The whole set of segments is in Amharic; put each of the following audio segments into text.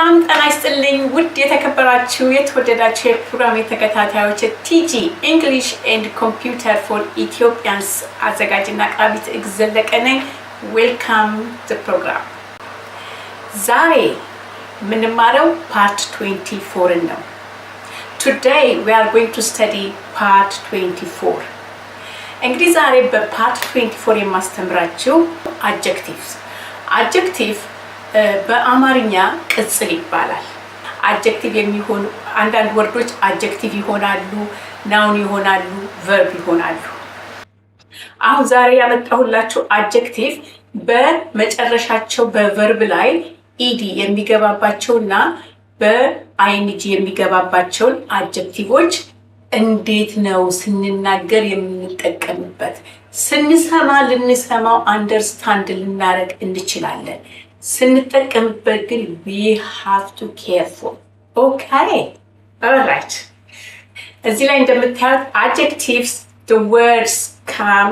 ሰላም ጤና ይስጥልኝ። ውድ የተከበራችሁ የተወደዳችሁ የፕሮግራም ተከታታዮች ቲጂ ኢንግሊሽ ኤንድ ኮምፒውተር ፎር ኢትዮጵያንስ አዘጋጅና አቅራቢ ትዕግስት ዘለቀ ነኝ። ዌልካም ዘ ፕሮግራም። ዛሬ የምንማረው ፓርት 24 ነው። ቱዴይ ዊ አር ጎይንግ ቱ ስተዲ ፓርት 24። እንግዲህ ዛሬ በፓርት 24 የማስተምራችሁ አጀክቲቭ አጀክቲቭ በአማርኛ ቅጽል ይባላል። አጀክቲቭ የሚሆኑ አንዳንድ ወርዶች አጀክቲቭ ይሆናሉ፣ ናውን ይሆናሉ፣ ቨርብ ይሆናሉ። አሁን ዛሬ ያመጣሁላችሁ አጀክቲቭ በመጨረሻቸው በቨርብ ላይ ኢዲ የሚገባባቸውና በአይንጂ የሚገባባቸውን አጀክቲቮች እንዴት ነው ስንናገር የምንጠቀምበት ስንሰማ ልንሰማው አንደርስታንድ ልናደርግ እንችላለን። ስንጠቀምበት ግን ዊ ሃቭ ቱ ኬርፉል። ኦኬ ኦራይት። እዚህ ላይ እንደምታዩት አጀክቲቭስ ዘ ወርድስ ካም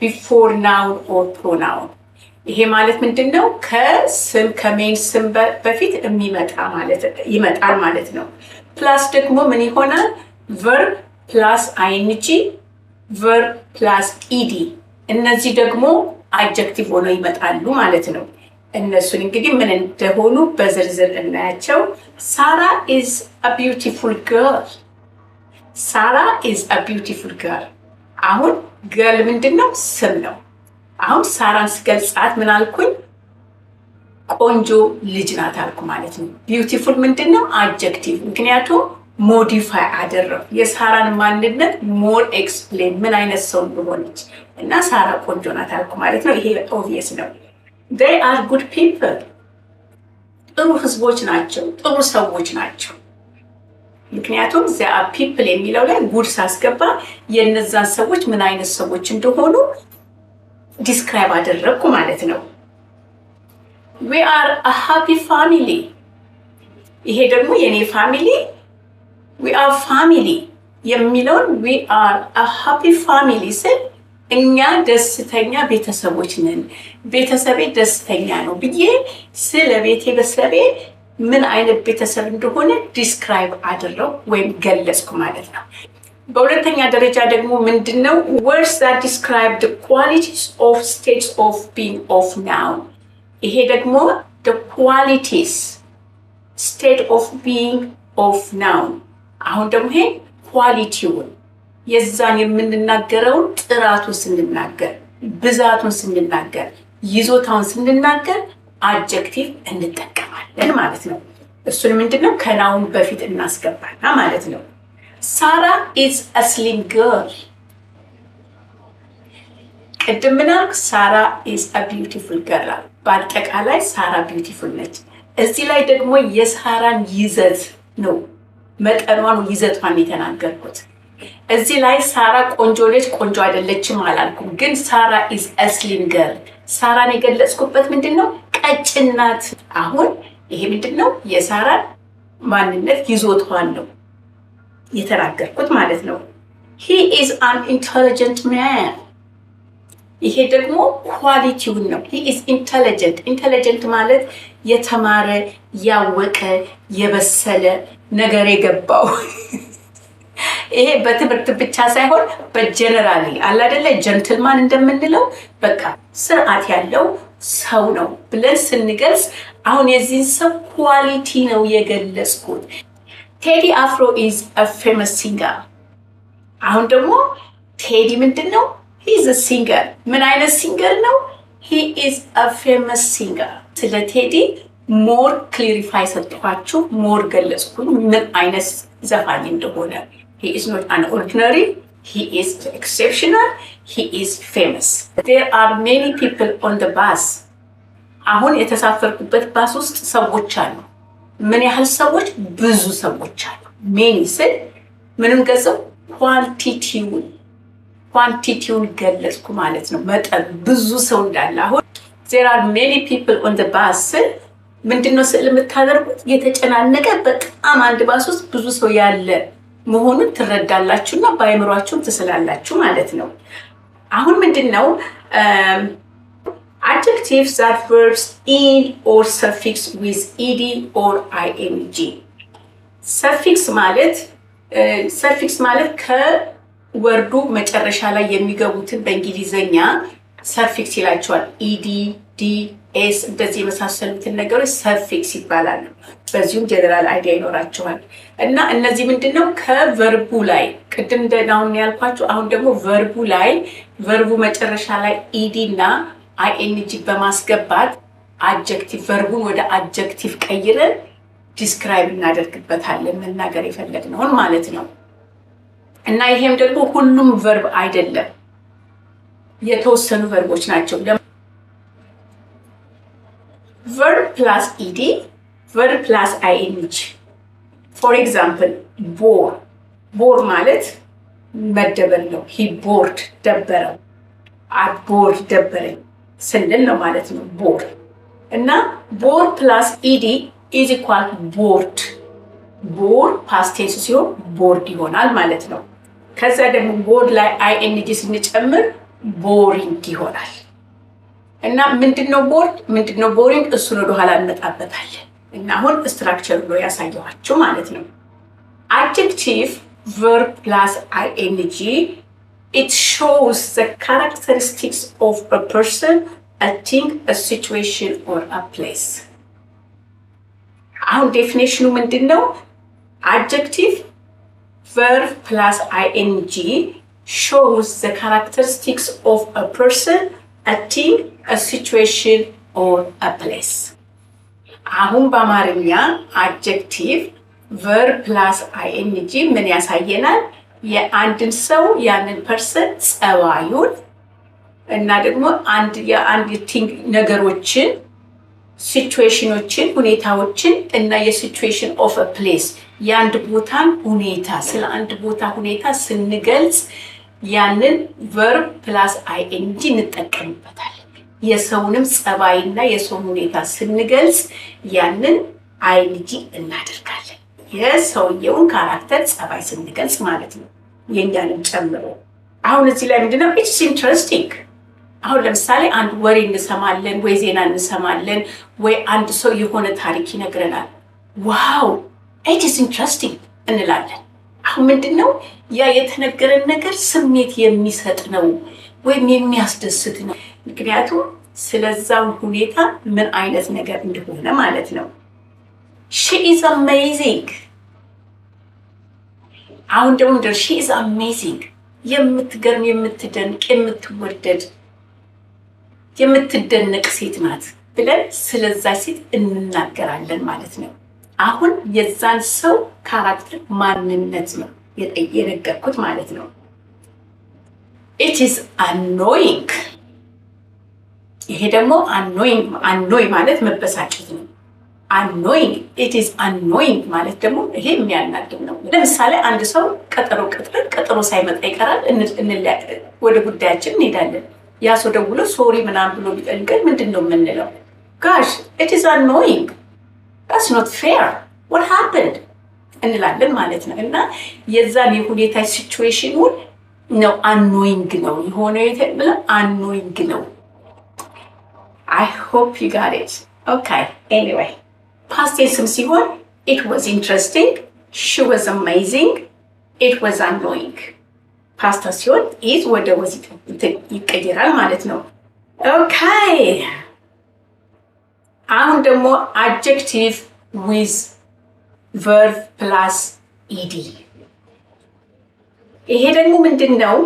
ቢፎር ናውን ኦር ፕሮናውን። ይሄ ማለት ምንድን ነው? ከስም ከሜን ስም በፊት ይመጣል ማለት ነው። ፕላስ ደግሞ ምን ይሆናል? ቨርብ ፕላስ አይንጂ ቨርብ ፕላስ ኢዲ እነዚህ ደግሞ አጀክቲቭ ሆነው ይመጣሉ ማለት ነው። እነሱን እንግዲህ ምን እንደሆኑ በዝርዝር እናያቸው። ሳራ ኢዝ አ ቢዩቲፉል ገርል። ሳራ ኢዝ አ ቢዩቲፉል ገርል። አሁን ገርል ምንድን ነው? ስም ነው። አሁን ሳራን ስገልጻት ምን አልኩኝ? ቆንጆ ልጅ ናት አልኩ ማለት ነው። ቢዩቲፉል ምንድን ነው? አጀክቲቭ ምክንያቱም ሞዲፋይ አደረጉ። የሳራን ማንነት ሞር ኤክስፕሌን ምን አይነት ሰው እንደሆነች እና ሳራ ቆንጆ ናት አልኩ ማለት ነው። ይሄ ኦቪየስ ነው። ዴይ አር ጉድ ፒፕል ጥሩ ህዝቦች ናቸው፣ ጥሩ ሰዎች ናቸው። ምክንያቱም ዚያ ፒፕል የሚለው ላይ ጉድ ሳስገባ የነዛን ሰዎች ምን አይነት ሰዎች እንደሆኑ ዲስክራይብ አደረግኩ ማለት ነው። ዊ አር አ ሃፒ ፋሚሊ። ይሄ ደግሞ የእኔ ፋሚሊ ዊ አር ፋሚሊ የሚለውን ዊ አር ሀፒ ፋሚሊ ስል እኛ ደስተኛ ቤተሰቦች ነን፣ ቤተሰቤ ደስተኛ ነው ብዬ ስለ ቤቴ በስለቤ ምን አይነት ቤተሰብ እንደሆነ ዲስክራይብ አድረው ወይም ገለጽኩ ማለት ነው። በሁለተኛ ደረጃ ደግሞ ምንድን ነው ወርስ ዛት ዲስክራይብ ኳሊቲስ ኦፍ ስቴትስ ኦፍ ቢንግ ኦፍ ናውን። ይሄ ደግሞ ኳሊቲስ ስቴት ኦፍ ቢንግ ኦፍ ናውን አሁን ደግሞ ይሄ ኳሊቲውን የዛን የምንናገረውን ጥራቱን ስንናገር ብዛቱን ስንናገር ይዞታውን ስንናገር አጀክቲቭ እንጠቀማለን ማለት ነው። እሱን ምንድን ነው ከናውን በፊት እናስገባና ማለት ነው። ሳራ ኢዝ አስሊም ገርል። ቅድም ሳራ ኢዝ ቢዩቲፉል ገርል። በአጠቃላይ ሳራ ቢዩቲፉል ነች። እዚህ ላይ ደግሞ የሳራን ይዘት ነው መጠኗን፣ ይዘቷን የተናገርኩት እዚህ ላይ ሳራ ቆንጆ ልጅ ቆንጆ አይደለችም አላልኩም። ግን ሳራ ኢዝ አስሊም ገርል ሳራን የገለጽኩበት ምንድን ነው? ቀጭን ናት። አሁን ይሄ ምንድን ነው? የሳራን ማንነት ይዞቷን ነው የተናገርኩት ማለት ነው። ሂ ኢዝ አን ኢንቴሊጀንት ማን። ይሄ ደግሞ ኳሊቲውን ነው። ሂ ኢዝ ኢንቴሊጀንት። ኢንቴሊጀንት ማለት የተማረ ያወቀ የበሰለ ነገር የገባው ይሄ በትምህርት ብቻ ሳይሆን በጀነራሊ አላደለ ጀንትልማን እንደምንለው በቃ ስርዓት ያለው ሰው ነው ብለን ስንገልጽ፣ አሁን የዚህን ሰው ኳሊቲ ነው የገለጽኩት። ቴዲ አፍሮ ኢዝ ፌመስ ሲንገር። አሁን ደግሞ ቴዲ ምንድን ነው? ሂዝ ሲንገር። ምን አይነት ሲንገር ነው? ሂ ኢዝ ፌመስ ሲንገር። ስለ ቴዲ ሞር ክሊሪፋይ ሰጥኋችሁ፣ ሞር ገለጽኩኝ ምን አይነት ዘፋኝ እንደሆነ። ሂ ኢዝ ኖት አን ኦርዲነሪ ሂ ኢዝ ኤክሴፕሽናል ሂ ኢዝ ፌመስ። ዜር አር ሜኒ ፒፕል ኦን ደ ባስ። አሁን የተሳፈርኩበት ባስ ውስጥ ሰዎች አሉ። ምን ያህል ሰዎች? ብዙ ሰዎች አሉ። ሜኒ ስል ምንም ገጽም ኳንቲቲውን ኳንቲቲውን ገለጽኩ ማለት ነው፣ መጠን ብዙ ሰው እንዳለ። አሁን ዜር አር ሜኒ ፒፕል ኦን ደ ባስ ስል ምንድነው ስዕል የምታደርጉት? የተጨናነቀ በጣም አንድ ባስ ውስጥ ብዙ ሰው ያለ መሆኑን ትረዳላችሁና በአይምሯችሁም ትስላላችሁ ማለት ነው። አሁን ምንድን ነው አጀክቲቭ ዛት ቨርብስ ኢን ኦር ሰፊክስ ዊዝ ኢዲ ኦር አይኤንጂ። ሰፊክስ ማለት ሰፊክስ ማለት ከወርዱ መጨረሻ ላይ የሚገቡትን በእንግሊዘኛ ሰፊክስ ይላቸዋል ኢዲ ዲ ኤስ እንደዚህ የመሳሰሉትን ነገሮች ሰፊክስ ይባላሉ። በዚሁም ጀነራል አይዲያ ይኖራቸዋል እና እነዚህ ምንድን ነው ከቨርቡ ላይ ቅድም እንደናሁን ያልኳቸው አሁን ደግሞ ቨርቡ ላይ ቨርቡ መጨረሻ ላይ ኢዲ እና አይኤንጂ በማስገባት አጀክቲቭ ቨርቡን ወደ አጀክቲቭ ቀይረን ዲስክራይብ እናደርግበታለን መናገር የፈለግነውን ማለት ነው። እና ይሄም ደግሞ ሁሉም ቨርብ አይደለም፣ የተወሰኑ ቨርቦች ናቸው። plus ed, verb plus ing ፎር ኤግዛምፕል ቦር ቦር ማለት መደበር ነው። ሂ ቦርድ ደበረው፣ አቦርድ ደበረኝ ስንል ነው ማለት ነው። ቦር እና ቦር ፕላስ ኢዲ ኢዝ ኢኳል ቦርድ። ቦር ፓስቴንስ ሲሆን ቦርድ ይሆናል ማለት ነው። ከዛ ደግሞ ቦርድ ላይ አይኤንጂ ስንጨምር ቦሪንግ ይሆናል። እና ምንድነው ቦርድ ምንድነው ቦሪንግ እሱን ወደኋላ እንመጣበታለን። እና አሁን ስትራክቸር ብሎ ያሳየኋችሁ ማለት ነው። አድጀክቲቭ ቨርብ ፕላስ አይኤንጂ ኢት ሾውስ ዘ ካራክተሪስቲክስ ኦፍ አ ፐርሰን አ ቲንግ አ ሲቹዌሽን ኦር አ ፕሌስ። አሁን ዴፊኔሽኑ ምንድን ነው? አድጀክቲቭ ቨርብ ፕላስ አይኤንጂ ሾውስ ዘ ካራክተሪስቲክስ ኦፍ አ ፐርሰን አ ቲንግ a situation or a አሁን በአማርኛ አጀክቲቭ ቨር ፕላስ አይኤንጂ ምን ያሳየናል? የአንድን ሰው ያንን ፐርሰን ጸባዩን እና ደግሞ የአንድ ቲንግ ነገሮችን ሲቹዌሽኖችን ሁኔታዎችን እና የሲቹዌሽን ኦፍ ፕሌስ የአንድ ቦታን ሁኔታ ስለ አንድ ቦታ ሁኔታ ስንገልጽ ያንን ቨርብ ፕላስ አይኤንጂ እንጠቀምበታል። የሰውንም ጸባይና የሰውን ሁኔታ ስንገልጽ ያንን አይንጂ እናደርጋለን። የሰውየውን ካራክተር ጸባይ ስንገልጽ ማለት ነው፣ የእኛንም ጨምሮ። አሁን እዚህ ላይ ምንድነው ኢትስ ኢንትረስቲንግ። አሁን ለምሳሌ አንድ ወሬ እንሰማለን ወይ ዜና እንሰማለን ወይ አንድ ሰው የሆነ ታሪክ ይነግረናል። ዋው ኢትስ ኢንትረስቲንግ እንላለን። አሁን ምንድን ነው ያ የተነገረን ነገር ስሜት የሚሰጥ ነው ወይም የሚያስደስት ነው። ምክንያቱም ስለዛው ሁኔታ ምን አይነት ነገር እንደሆነ ማለት ነው። ሺኢዝ አሜዚንግ። አሁን ደግሞ ደር ሺ አሜዚንግ የምትገርም የምትደንቅ የምትወደድ የምትደነቅ ሴት ናት ብለን ስለዛ ሴት እንናገራለን ማለት ነው። አሁን የዛን ሰው ካራክተር ማንነት ነው የነገርኩት ማለት ነው። ኢት ኢዝ አኖይንግ። ይሄ ደግሞ አኖይ ማለት መበሳጨት ነው። አኖይንግ ኢት ኢዝ አኖይንግ ማለት ደግሞ ይሄ የሚያናድድ ነው። ለምሳሌ አንድ ሰው ቀጠሮ ቀጥረን ቀጠሮ ሳይመጣ ይቀራል፣ ወደ ጉዳያችን እንሄዳለን። ያ ሰው ደውሎ ሶሪ ምናምን ብሎ ቢጠንቀን ምንድን ነው የምንለው? ጋሽ ኢት ኢዝ አኖይንግ ዳትስ ኖት ፌር ወት ሀፕንድ እንላለን ማለት ነው። እና የዛን የሁኔታ ሲቹዌሽኑን ነው አኖይንግ ነው የሆነ ብለ አኖይንግ ነው። አይ ሆፕ ዩ ጋት ኢት ኦኬ። ኤኒዌይ ፓስት ቴንስም ሲሆን ኢት ዋዝ ኢንትረስቲንግ ሺ ዋዝ አሜዚንግ ኢት ዋዝ አኖይንግ ፓስታ ሲሆን ኢት ወደ ወዝ ይቀየራል ማለት ነው። ኦኬ አሁን ደግሞ አድጀክቲቭ ዊዝ ቨርብ ፕላስ ኢዲ ይሄ ደግሞ ምንድን ነው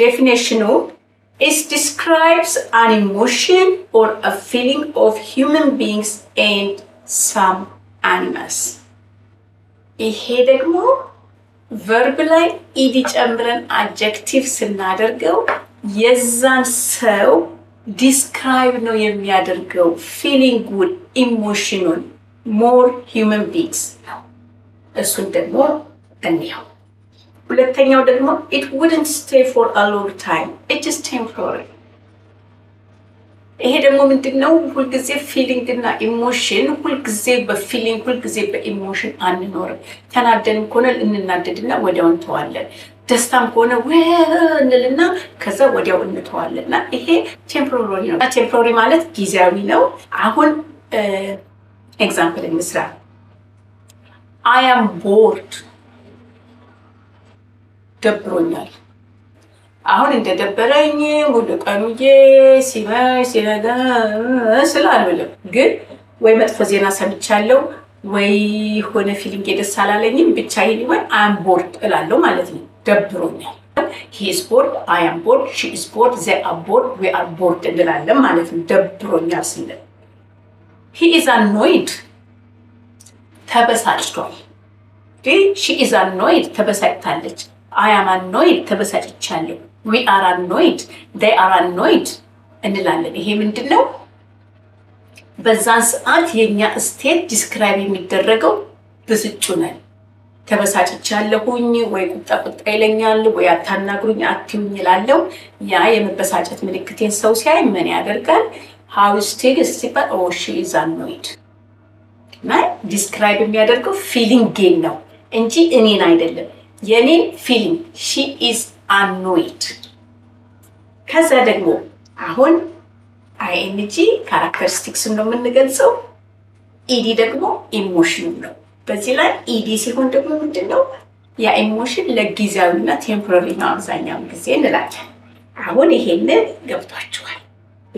ዴፊኔሽኑ? ኢስ ዲስክራይብስ አን ኢሞሽን ኦር አ ፊሊንግ ኦፍ ሂውመን ቢንግስ ኤንድ ሳም አኒማልስ። ይሄ ደግሞ ቨርብ ላይ ኢዲ ጨምረን አጀክቲቭ ስናደርገው የዛን ሰው ዲስክራይብ ነው የሚያደርገው ፊሊንጉን፣ ኢሞሽኑን ሞር ሂውመን ቢንግስ ነው። እሱን ደግሞ እንየው። ሁለተኛው ደግሞ it wouldn't stay ፎር a long time it is temporary ይሄ ደግሞ ምንድነው ነው? ሁልጊዜ ፊሊንግ እና ኢሞሽን፣ ሁልጊዜ በፊሊንግ ሁልጊዜ በኢሞሽን አንኖርም። ተናደን ከሆነ እንናደድና ወዲያው እንተዋለን። ደስታም ከሆነ እንልና ከዛ ወዲያው እንተዋለን እና ይሄ ቴምፖራሪ ነው። ቴምፖራሪ ማለት ጊዜያዊ ነው። አሁን ኤግዛምፕል እንስራ። አይ አም ቦርድ ደብሮኛል። አሁን እንደደበረኝ ሙሉ ቀኑዬ ሲመሽ ሲነጋ ስል አልብልም። ግን ወይ መጥፎ ዜና ሰምቻለሁ ወይ የሆነ ፊሊንግ ደስ አላለኝም፣ ብቻ ብቻዬን ይሆን ቦርድ እላለሁ ማለት ነው። ደብሮኛል። ሂስ ቦርድ አያም ቦርድ ሺስ ቦርድ ዘ ቦርድ ዊ አር ቦርድ እንላለን ማለት ነው። ደብሮኛል ስለ ሂኢዝ አኖይድ ተበሳጭቷል። ሺኢዝ አኖይድ ተበሳጭታለች። አይ አም አኖይድ ተበሳጭቻለሁ፣ ዊ አር አኖይድ ዴይ አር አኖይድ እንላለን። ይሄ ምንድን ነው? በዛን ሰዓት የእኛ ስቴት ዲስክራይብ የሚደረገው ብስጩ ነን። ተበሳጭቻለሁኝ ወይ ቁጣ ቁጣ ይለኛል ወይ አታናግሩኝ አትዩኝ ይላለው። ያ የመበሳጨት ምልክቴን ሰው ሲያይ ምን ያደርጋል? ሀውስቴግ ሲባል ኦሺ ኢዝ አኖይድ እና ዲስክራይብ የሚያደርገው ፊሊንጌን ነው እንጂ እኔን አይደለም። የኔን ፊሊንግ ሺ ኢዝ አኖይድ። ከዛ ደግሞ አሁን አይኤንጂ ካራክተሪስቲክስን ነው የምንገልጸው። ኢዲ ደግሞ ኢሞሽን ነው። በዚህ ላይ ኢዲ ሲሆን ደግሞ ምንድን ነው የኢሞሽን ኢሞሽን ለጊዜያዊና ቴምፖራሪ ነው አብዛኛውን ጊዜ እንላለን። አሁን ይሄንን ገብቷችኋል።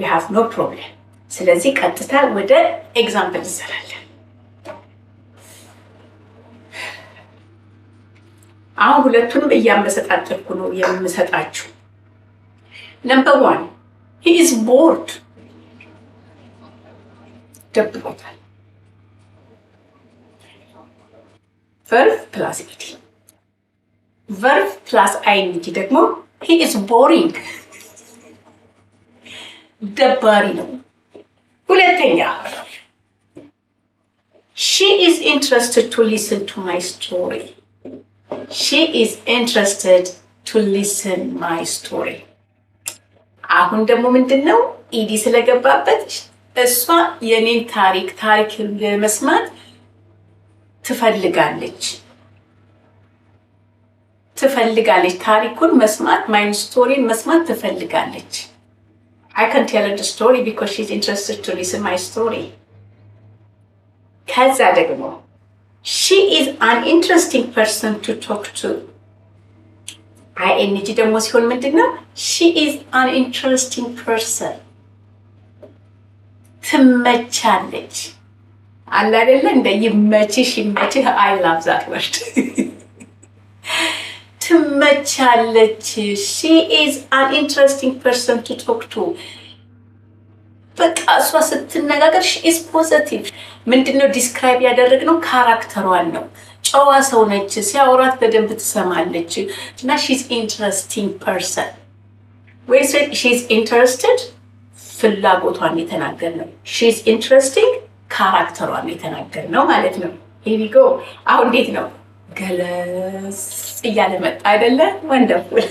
ዊ ሃቭ ኖ ፕሮብለም። ስለዚህ ቀጥታ ወደ ኤግዛምፕል እንዘላለን። አሁን ሁለቱንም እያመሰጣጠልኩ ነው የምሰጣችሁ። ነምበር ዋን ሂ ኢዝ ቦርድ ደብቆታል። ቨርፍ ፕላስ ኢቲ ቨርፍ ፕላስ አይኒቲ ደግሞ ሂ ኢዝ ቦሪንግ ደባሪ ነው። ሁለተኛ ሺ ኢዝ ኢንትረስትድ ቱ ሊስን ቱ ማይ ስቶሪ ሺ ኢዝ ኢንትረስትድ ቱ ሊስን ማይ ስቶሪ። አሁን ደግሞ ምንድን ነው ኢዲ ስለገባበት እሷ የኔን ታሪክ ታሪክ ለመስማት ትፈልጋለች ትፈልጋለች ታሪኩን መስማት ማይን ስቶሪን መስማት ትፈልጋለች። አይ ካን ቴል ሄር ዘ ስቶሪ ቢኮዝ ሺ ኢዝ ኢንትረስትድ ቱ ሊስን ማይ ስቶሪ። ከዛ ደግሞ she is an interesting person to talk to. I energy the most human now. She is an interesting person. To match challenge. And that is when you match she match her. I love that word. To match challenge. She is an interesting person to talk to. በቃ እሷ ስትነጋገር ኢዝ ፖዘቲቭ። ምንድነው ዲስክራይብ ያደረግነው ካራክተሯን ነው። ጨዋ ሰው ነች፣ ሲያወራት በደንብ ትሰማለች እና ሺዝ ኢንትረስቲንግ ፐርሰን ወይ ሺዝ ኢንትረስትድ ፍላጎቷን የተናገር ነው። ሺዝ ኢንትረስቲንግ ካራክተሯን የተናገር ነው ማለት ነው። ሄቪጎ አሁን እንዴት ነው ገለስ እያለ መጣ አይደለ? ወንደፉል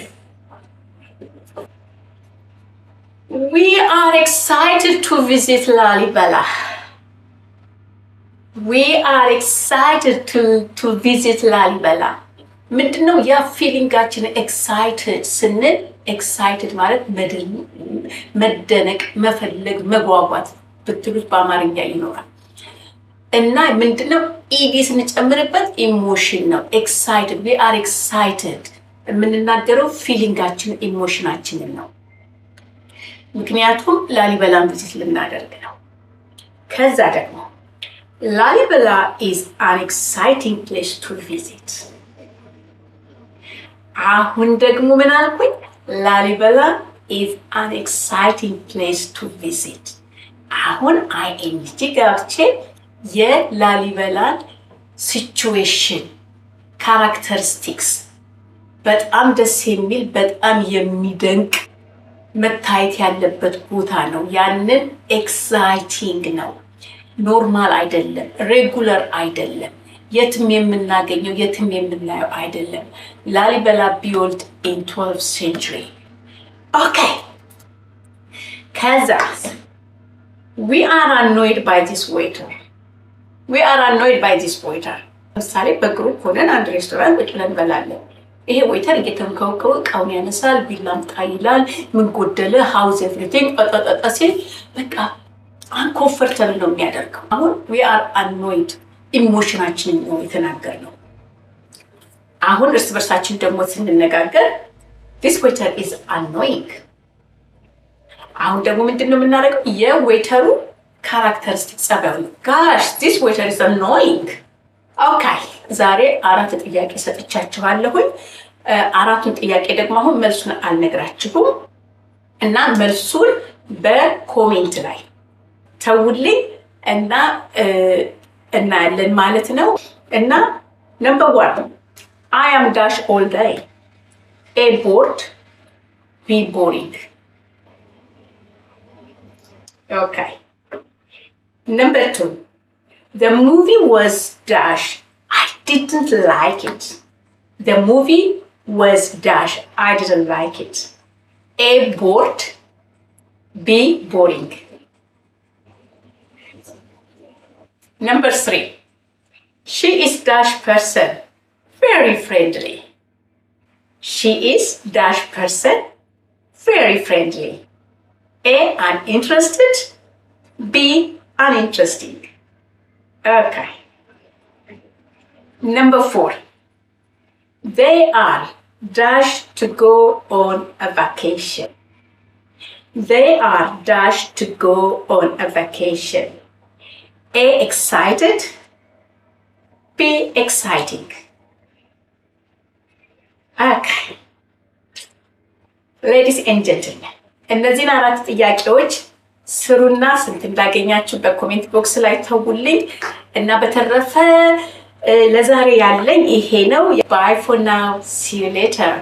We are excited to visit Lalibela. We are excited to, to visit Lalibela. ምንድን ያ ፊሊንጋችን? ኤክሳይትድ ስንል ኤክሳይትድ ማለት መደነቅ፣ መፈለግ፣ መጓጓት ብትሉት በአማርኛ ይኖራል እና ምንድነው e ነው ኢዲ ስንጨምርበት ኢሞሽን ነው። ኤክሳይትድ ዊ አር ኤክሳይትድ የምንናገረው ፊሊንጋችን ኢሞሽናችንን ነው። ምክንያቱም ላሊበላን ቪዚት ልናደርግ ነው። ከዛ ደግሞ ላሊበላ ኢዝ አን ኤክሳይቲንግ ፕሌስ ቱ ቪዚት። አሁን ደግሞ ምን አልኩኝ? ላሊበላ ኢዝ አን ኤክሳይቲንግ ፕሌስ ቱ ቪዚት። አሁን አይኤንጂ ገብቼ የላሊበላን ሲቹዌሽን ካራክተሪስቲክስ በጣም ደስ የሚል በጣም የሚደንቅ መታየት ያለበት ቦታ ነው። ያንን ኤክሳይቲንግ ነው። ኖርማል አይደለም፣ ሬጉለር አይደለም፣ የትም የምናገኘው የትም የምናየው አይደለም። ላሊበላ ቢወልድ ኢን 12 ሴንቹሪ ኦኬ። ከዛ ዊ አር አኖይድ ባይ ዚስ ዌይተር ዊ አር አኖይድ ባይ ዚስ ዌይተር። ለምሳሌ በግሩፕ ሆነን አንድ ሬስቶራንት ቁጭ ብለን እንበላለን ይሄ ወይተር እየተንከውከው እቃውን ያነሳል፣ ቢላም አምጣ ይላል። ምን ጎደለ ሀውዝ ኤቭሪቲንግ ጠጠጠጠ ሲል በቃ አንኮንፈርተብል ነው የሚያደርገው። አሁን ዊ አር አኖይድ ኢሞሽናችንን ነው ነው። አሁን እርስ በርሳችን ደግሞ ስንነጋገር ዲስ ዌተር ኢዝ አኖይንግ። አሁን ደግሞ ምንድን ነው የምናደርገው? የዌተሩ ካራክተሪስቲክ ጸባዩ ጋሽ ዲስ ዌተር ኢዝ አኖይንግ ኦካይ ዛሬ አራት ጥያቄ ሰጥቻችኋለሁኝ። አራቱን ጥያቄ ደግሞ አሁን መልሱን አልነግራችሁም እና መልሱን በኮሜንት ላይ ተውልኝ እና እናያለን ማለት ነው። እና ነምበር ዋን አይ አም ዳሽ ኦል ዳይ ኤ ቦርድ ቢ ቦሪንግ። ኦኬ ነምበር ቱ ዘ ሙቪ ወዝ ዳሽ didn't like it. The movie was dash. I didn't like it. A bored. B boring. Number three. She is dash person. Very friendly. She is dash person. Very friendly. A uninterested. B uninteresting. Okay. Number four, they are dashed to go on a vacation. They are dashed to go on a vacation. A excited, B exciting. Okay. ሌዲስ ኤንድ ጀንትልመን እነዚህን አራት ጥያቄዎች ስሩና ስንት እንዳገኛችሁ በኮሜንት ቦክስ ላይ ተውልኝ እና በተረፈ ለዛሬ ያለኝ ይሄ ነው። ባይ ናው ሌተር